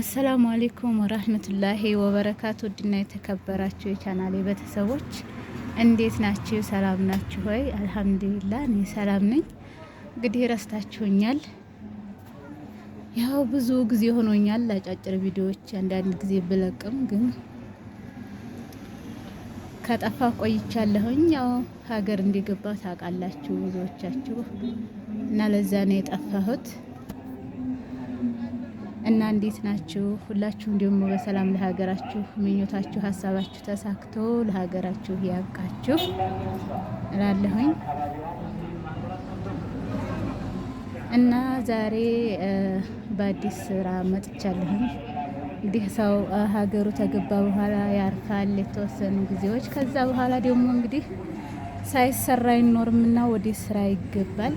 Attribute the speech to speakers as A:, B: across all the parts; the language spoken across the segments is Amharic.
A: አሰላሙ አሌይኩም ወራህመቱላሂ ወበረካቱ። ውድና የተከበራችሁ የቻናሌ ቤተሰቦች እንዴት ናችሁ? ሰላም ናችሁ ሆይ? አልሐምዱሊላ እኔ ሰላም ነኝ። እንግዲህ ረስታችሁኛል። ያው ብዙ ጊዜ ሆኖኛል አጫጭር ቪዲዮዎች አንዳንድ ጊዜ ብለቅም ግን ከጠፋ ቆይቻለሁኝ። ያው ሀገር እንዲገባ ታውቃላችሁ ብዙዎቻችሁ እና ለዛ ነው የጠፋሁት። እና እንዴት ናችሁ? ሁላችሁም ደግሞ በሰላም ለሀገራችሁ ምኞታችሁ፣ ሀሳባችሁ ተሳክቶ ለሀገራችሁ ያብቃችሁ እላለሁኝ እና ዛሬ በአዲስ ስራ መጥቻለሁኝ። እንግዲህ ሰው ሀገሩ ተገባ በኋላ ያርፋል የተወሰኑ ጊዜዎች። ከዛ በኋላ ደግሞ እንግዲህ ሳይሰራ አይኖርምና ወደ ስራ ይገባል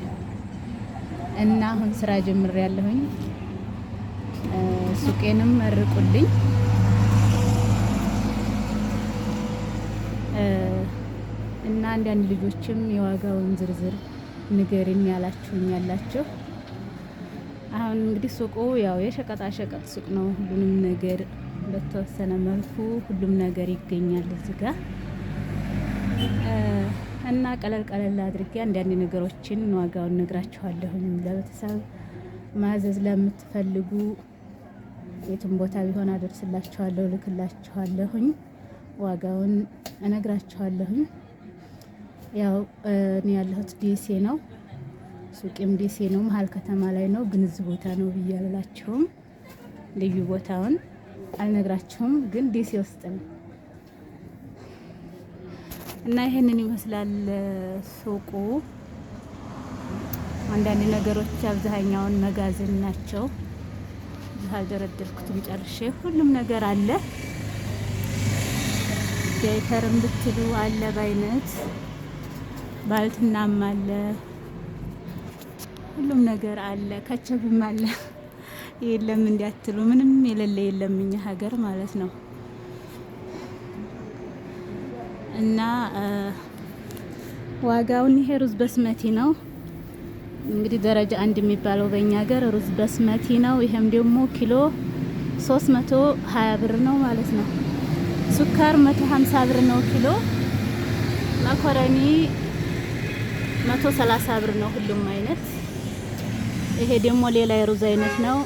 A: እና አሁን ስራ ጀምሬያለሁኝ። ሱቄንም መርቁልኝ። እና አንዳንድ ልጆችም የዋጋውን ዝርዝር ንገሪኝ ያላችሁኝ ያላችሁ አሁን እንግዲህ ሱቁ ያው የሸቀጣ ሸቀጥ ሱቅ ነው። ሁሉንም ነገር በተወሰነ መልኩ ሁሉም ነገር ይገኛል እዚህ ጋር እና ቀለል ቀለል አድርጌ አንዳንድ ነገሮችን ዋጋውን ነግራችኋለሁኝ። ለቤተሰብ ማዘዝ ለምትፈልጉ የትም ቦታ ቢሆን አደርስላችኋለሁ፣ ልክላችኋለሁኝ፣ ዋጋውን እነግራችኋለሁኝ። ያው እኔ ያለሁት ዴሴ ነው። ሱቂም ዲሴ ነው፣ መሀል ከተማ ላይ ነው። ግን እዚህ ቦታ ነው ብዬ ልዩ ቦታውን አልነግራችሁም፣ ግን ዴሴ ውስጥ ነው እና ይህንን ይመስላል ሱቁ። አንዳንድ ነገሮች አብዛኛውን መጋዘን ናቸው። አልደረደርኩትም ጨርሼ። ሁሉም ነገር አለ። ዳይፐርም ብትሉ አለ፣ በአይነት ባልትናም አለ፣ ሁሉም ነገር አለ፣ ከቸብም አለ። የለም እንዲያትሉ ምንም የሌለ የለም፣ እኛ ሀገር ማለት ነው። እና ዋጋውን ይሄ ሩዝ በስመቲ ነው። እንግዲህ ደረጃ አንድ የሚባለው በእኛ ሀገር ሩዝ በስመቲ ነው። ይሄም ደግሞ ኪሎ 320 ብር ነው ማለት ነው። ሱካር 150 ብር ነው ኪሎ። መኮረኒ 130 ብር ነው ሁሉም አይነት። ይሄ ደግሞ ሌላ የሩዝ አይነት ነው።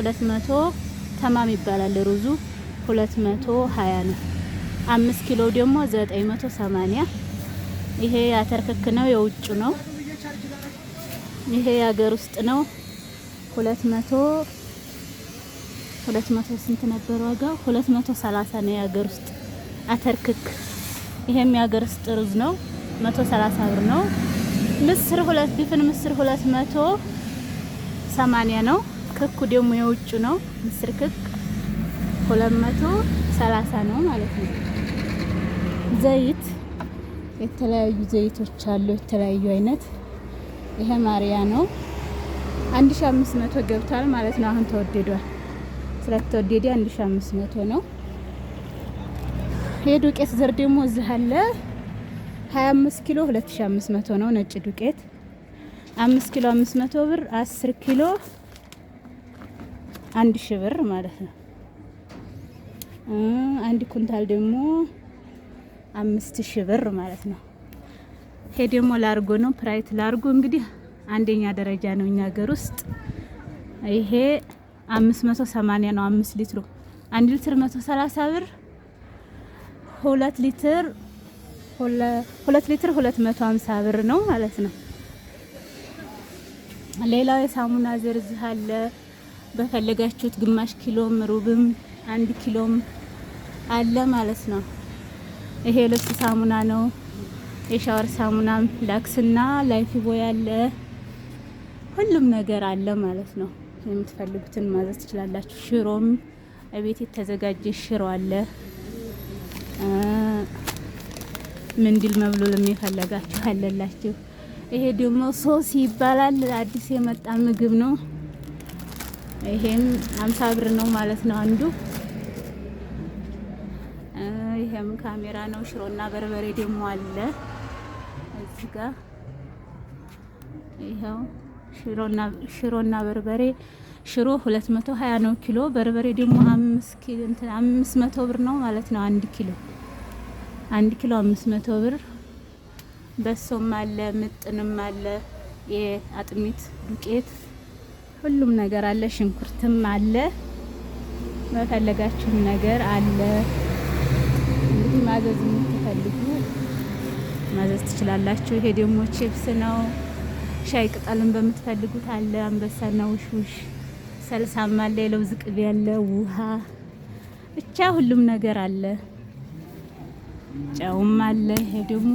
A: 200 ተማም ይባላል ሩዙ 220 ነው። 5 ኪሎ ደግሞ 980 ይሄ አተርክክ ነው የውጭ ነው። ይሄ የሀገር ውስጥ ነው። 200 200 ስንት ነበር ዋጋው? 230 ነው የሀገር ውስጥ አተር ክክ። ይሄም የሀገር ውስጥ ሩዝ ነው። 130 ብር ነው። ምስር ሁለት ድፍን ምስር ሁለት መቶ ነው። ክኩ ደግሞ የውጭ ነው። ምስር ክክ 230 ነው ማለት ነው። ዘይት የተለያዩ ዘይቶች አሉ የተለያዩ አይነት ይሄ ማሪያ ነው። 1500 ገብቷል ማለት ነው። አሁን ተወደዷል። ስለተወደደ 1500 ነው። የዱቄት ዘር ደግሞ እዚህ አለ 25 ኪሎ 2500 ነው። ነጭ ዱቄት 5 ኪሎ 500 ብር፣ 10 ኪሎ 1000 ብር ማለት ነው። አንድ ኩንታል ደግሞ 5000 ብር ማለት ነው። ይሄ ደግሞ ላርጎ ነው። ፕራይት ላርጎ እንግዲህ አንደኛ ደረጃ ነው እኛ ሀገር ውስጥ ይሄ 580 ነው። 5 ሊትሩ 1 ሊትር 130 ብር፣ 2 ሊትር 2 ሊትር 250 ብር ነው ማለት ነው። ሌላው የሳሙና ዝርዝር አለ። በፈለጋችሁት ግማሽ ኪሎም ሩብም አንድ ኪሎም አለ ማለት ነው። ይሄ ልብስ ሳሙና ነው። የሻወር ሳሙናም ላክስና ላይፍ ቦይ አለ፣ ሁሉም ነገር አለ ማለት ነው። የምትፈልጉትን ማዘዝ ትችላላችሁ። ሽሮም እቤት የተዘጋጀ ሽሮ አለ። ምንድል መብሎል የሚፈለጋችሁ አለላችሁ። ይሄ ደግሞ ሶስ ይባላል። አዲስ የመጣ ምግብ ነው። ይሄም አምሳ ብር ነው ማለት ነው አንዱ። ይሄም ካሜራ ነው። ሽሮና በርበሬ ደግሞ አለ። እዚህ ጋር ይኸው ሽሮና በርበሬ ሽሮ 220 ነው ኪሎ። በርበሬ ደግሞ 5 ኪሎ እንትን 500 ብር ነው ማለት ነው። 1 ኪሎ 1 ኪሎ 500 ብር። በሶም አለ ምጥንም አለ የአጥሚት ዱቄት ሁሉም ነገር አለ። ሽንኩርትም አለ። መፈለጋችሁም ነገር አለ። እንግዲህ ማዘዝ የምትፈልጉ ማዘዝ ትችላላችሁ። ይሄ ደግሞ ቺፕስ ነው። ሻይ ቅጠልን በምትፈልጉት አለ። አንበሳና ውሽውሽ ሰልሳም አለ። የለውዝ ቅቤ ያለ ውሃ፣ ብቻ ሁሉም ነገር አለ። ጨውም አለ። ይሄ ደግሞ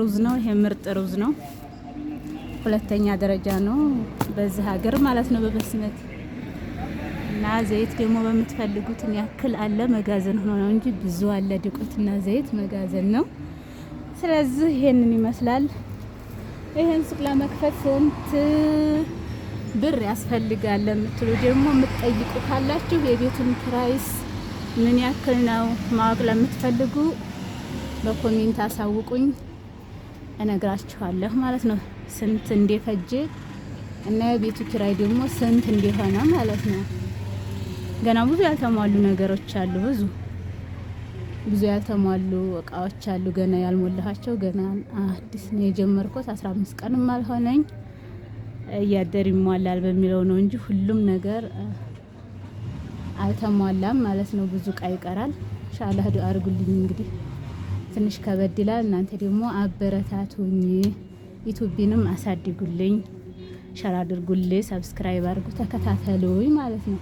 A: ሩዝ ነው። ይሄ ምርጥ ሩዝ ነው። ሁለተኛ ደረጃ ነው በዚህ ሀገር ማለት ነው በበስመት እና ዘይት ደግሞ በምትፈልጉትን ያክል አለ። መጋዘን ሆኖ ነው እንጂ ብዙ አለ። ድቁትና ዘይት መጋዘን ነው። ስለዚህ ይሄንን ይመስላል። ይሄን ሱቅ ለመክፈት ስንት ብር ያስፈልጋል ለምትሉ ደግሞ የምትጠይቁ ካላችሁ የቤቱን ፕራይስ ምን ያክል ነው ማወቅ ለምትፈልጉ በኮሜንት አሳውቁኝ፣ እነግራችኋለሁ ማለት ነው ስንት እንደፈጀ እና የቤቱ ኪራይ ደግሞ ስንት እንደሆነ ማለት ነው። ገና ብዙ ያልተሟሉ ነገሮች አሉ ብዙ ብዙ ያልተሟሉ እቃዎች አሉ፣ ገና ያልሞላሃቸው። ገና አዲስ ነው የጀመርኩት። አስራ አምስት ቀንም አልሆነኝ። እያደር ይሟላል በሚለው ነው እንጂ ሁሉም ነገር አልተሟላም ማለት ነው። ብዙ እቃ ይቀራል። ኢንሻአላህ ዱአ አድርጉልኝ። እንግዲህ ትንሽ ከበድ ይላል። እናንተ ደግሞ አበረታቱኝ፣ ዩቲዩብንም አሳድጉልኝ፣ ሸር አድርጉልኝ፣ ሰብስክራይብ አድርጉ፣ ተከታተሉኝ ማለት ነው።